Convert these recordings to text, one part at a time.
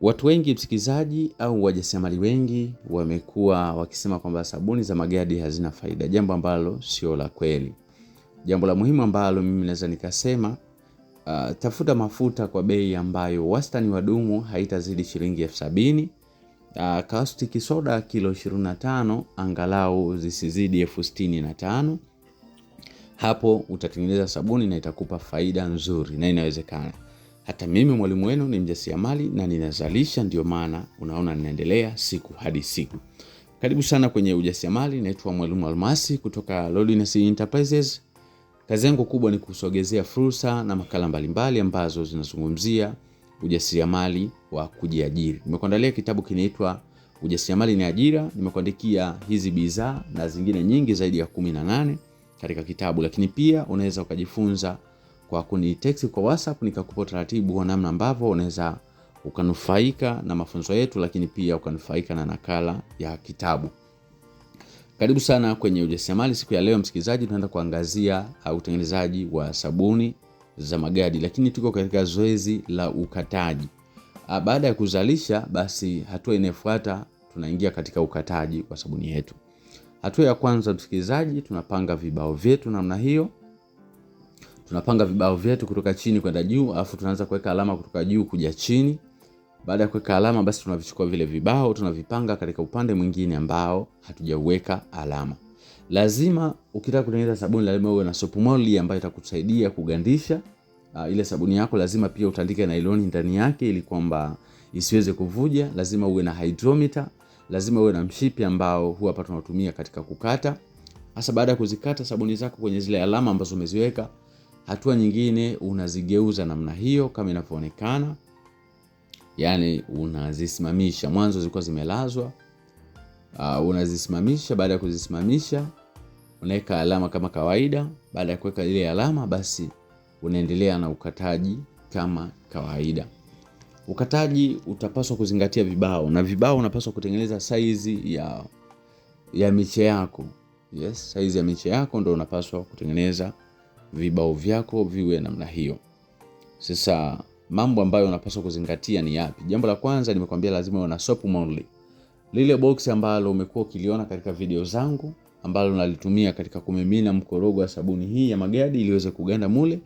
Watu wengi msikilizaji, au wajasiriamali wengi wamekuwa wakisema kwamba sabuni za magadi hazina faida, jambo ambalo sio la kweli. Jambo la muhimu ambalo mimi naweza nikasema uh, tafuta mafuta kwa bei ambayo wastani wa dumu haitazidi shilingi elfu sabini. Uh, caustic soda kilo 25 angalau zisizidi elfu sitini na tano. Hapo utatengeneza sabuni na itakupa faida nzuri na inawezekana. Hata mimi mwalimu wenu ni mjasiriamali na ninazalisha, ndio maana unaona ninaendelea siku hadi siku. Karibu sana kwenye ujasiriamali. Naitwa Mwalimu Almasi kutoka Lodness Enterprises. Kazi yangu kubwa ni kusogezea fursa na makala mbalimbali ambazo zinazungumzia ujasiriamali wa kujiajiri. Nimekuandalia kitabu kinaitwa Ujasiriamali ni Ajira. Nimekuandikia hizi bidhaa na zingine nyingi zaidi ya kumi na nane katika kitabu, lakini pia unaweza ukajifunza kwa kunitext kwa WhatsApp nikakupa utaratibu wa namna ambavyo unaweza ukanufaika na mafunzo yetu, lakini pia ukanufaika na nakala ya kitabu. Karibu sana kwenye ujasiriamali. Siku ya leo, msikilizaji, tunaenda kuangazia uh, utengenezaji wa sabuni za magadi, lakini tuko katika zoezi la ukataji. Uh, baada ya kuzalisha, basi hatua inayofuata tunaingia katika ukataji wa sabuni yetu. Hatua ya kwanza, msikilizaji, tunapanga vibao vyetu namna hiyo tunapanga vibao vyetu kutoka chini kwenda juu, alafu tunaanza kuweka alama kutoka juu kuja chini. Baada ya kuweka alama, basi tunavichukua vile vibao tunavipanga katika upande mwingine ambao hatujaweka alama. Lazima ukitaka kutengeneza sabuni lazima uwe na soap moli ambayo itakusaidia kugandisha uh, ile sabuni yako. Lazima pia utandike nailoni ndani yake ili kwamba isiweze kuvuja. Lazima uwe na hydrometer, lazima uwe na mshipi ambao huwa hapa tunatumia katika kukata. Hasa baada ya kuzikata sabuni zako kwenye zile alama ambazo umeziweka Hatua nyingine unazigeuza namna hiyo kama inavyoonekana, yani unazisimamisha. Mwanzo zilikuwa zimelazwa, uh, unazisimamisha. Baada ya kuzisimamisha, unaweka alama kama kawaida. Baada ya kuweka ile alama, basi unaendelea na ukataji kama kawaida. Ukataji utapaswa kuzingatia vibao na vibao unapaswa kutengeneza saizi ya, ya miche yako. Yes, saizi ya miche yako ndio unapaswa kutengeneza vibao vyako viwe namna hiyo. Sasa mambo ambayo unapaswa kuzingatia ni yapi? Jambo la kwanza nimekwambia, lazima uwe na soap only. Lile box ambalo umekuwa ukiliona katika video zangu ambalo nalitumia katika kumimina mkorogo wa sabuni hii ya magadi ili iweze kuganda mule,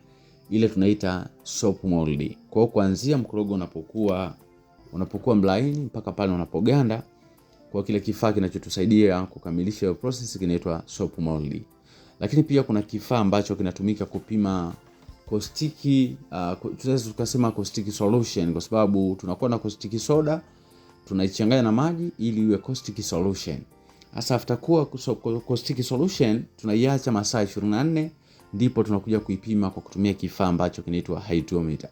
ile tunaita soap mold. Kwa hiyo kuanzia mkorogo unapokuwa unapokuwa mlaini mpaka pale unapoganda, kwa kile kifaa kinachotusaidia kukamilisha hiyo process kinaitwa soap mold. Lakini pia kuna kifaa ambacho kinatumika kupima kostiki uh, tunaweza tukasema kostiki solution kwa sababu tunakuwa na kostiki soda tunaichanganya na maji ili iwe kostiki solution. Hasa after kuwa kostiki solution tunaiacha masaa 24 ndipo tunakuja kuipima kwa kutumia kifaa ambacho kinaitwa hydrometer.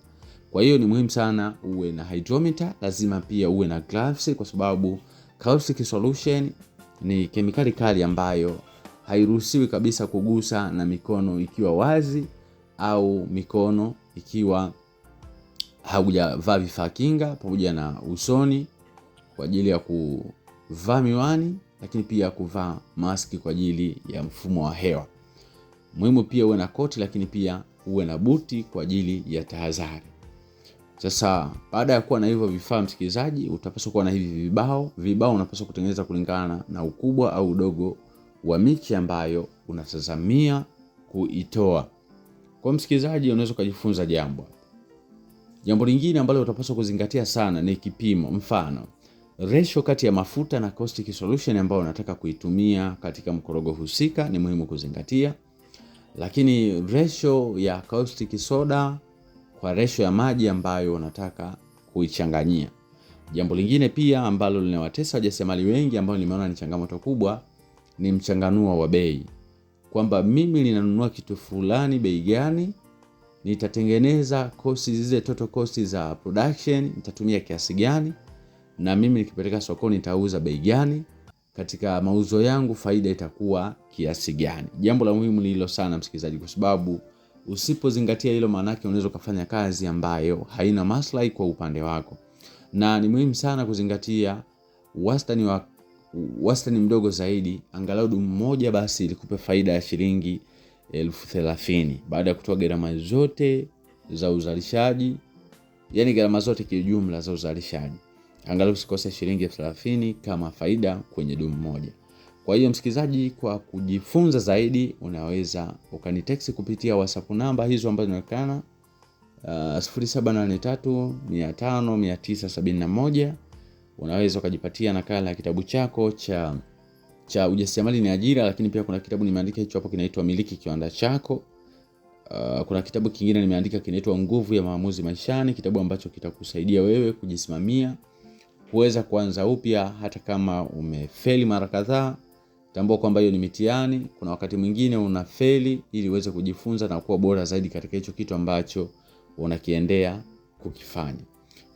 Kwa hiyo ni muhimu sana uwe na hydrometer, lazima pia uwe na gloves kwa sababu caustic solution ni kemikali kali ambayo hairuhusiwi kabisa kugusa na mikono ikiwa wazi au mikono ikiwa haujavaa vifaa kinga, pamoja na usoni kwa ajili ya kuvaa miwani, lakini pia kuvaa maski kwa ajili ya mfumo wa hewa. Muhimu pia uwe na koti, lakini pia uwe na buti kwa ajili ya tahadhari. Sasa baada ya kuwa na hivyo vifaa, msikilizaji, utapaswa kuwa na hivi vibao. Vibao unapaswa kutengeneza kulingana na ukubwa au udogo wa miche ambayo unatazamia kuitoa. Kwa msikilizaji, unaweza ukajifunza jambo. Jambo lingine ambalo utapaswa kuzingatia sana ni kipimo. Mfano, ratio kati ya mafuta na caustic solution ambayo unataka kuitumia katika mkorogo husika ni muhimu kuzingatia, lakini ratio ya caustic soda kwa ratio ya maji ambayo unataka kuichanganyia. Jambo lingine pia ambalo linawatesa wajasiriamali wengi ambao nimeona ni changamoto kubwa ni mchanganuo wa bei, kwamba mimi ninanunua kitu fulani bei gani, nitatengeneza kosti zile total cost za production, nitatumia kiasi gani, na mimi nikipeleka sokoni nitauza bei gani, katika mauzo yangu faida itakuwa kiasi gani. Jambo la muhimu hilo sana, msikilizaji, kwa sababu usipozingatia hilo, maana yake unaweza ukafanya kazi ambayo haina maslahi kwa upande wako, na ni muhimu sana kuzingatia wastani wa wastani mdogo zaidi, angalau dumu moja basi likupe faida ya shilingi elfu thelathini baada ya kutoa gharama zote za uzalishaji, yani gharama zote kiujumla za uzalishaji, angalau usikose shilingi elfu thelathini kama faida kwenye dumu moja. Kwa hiyo msikilizaji, kwa kujifunza zaidi, unaweza ukanitext kupitia WhatsApp namba hizo ambazo zinaonekana, uh, 0783 500 971 unaweza ukajipatia nakala ya kitabu chako cha cha ujasiriamali ni ajira, lakini pia kuna kitabu nimeandika hicho hapo kinaitwa Miliki Kiwanda Chako. Uh, kuna kitabu kingine nimeandika kinaitwa Nguvu ya Maamuzi Maishani, kitabu ambacho kitakusaidia wewe kujisimamia, kuweza kuanza upya hata kama umefeli mara kadhaa. Tambua kwamba hiyo ni mitihani. Kuna wakati mwingine unafeli ili uweze kujifunza na kuwa bora zaidi katika hicho kitu ambacho unakiendea kukifanya.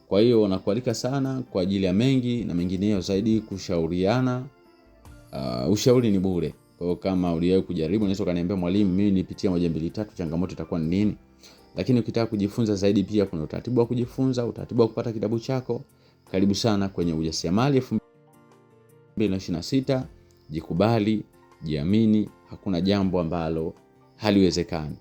Kwa hiyo nakualika sana kwa ajili ya mengi na mengineyo zaidi, kushauriana. Uh, ushauri ni bure. Kwa hiyo kama uliwahi kujaribu, unaweza kaniambia mwalimu, mimi nipitia moja mbili tatu, changamoto itakuwa ni nini? Lakini ukitaka kujifunza zaidi, pia kuna utaratibu wa kujifunza, utaratibu wa kupata kitabu chako. Karibu sana kwenye Ujasiriamali 2026. Jikubali, jiamini, hakuna jambo ambalo haliwezekani.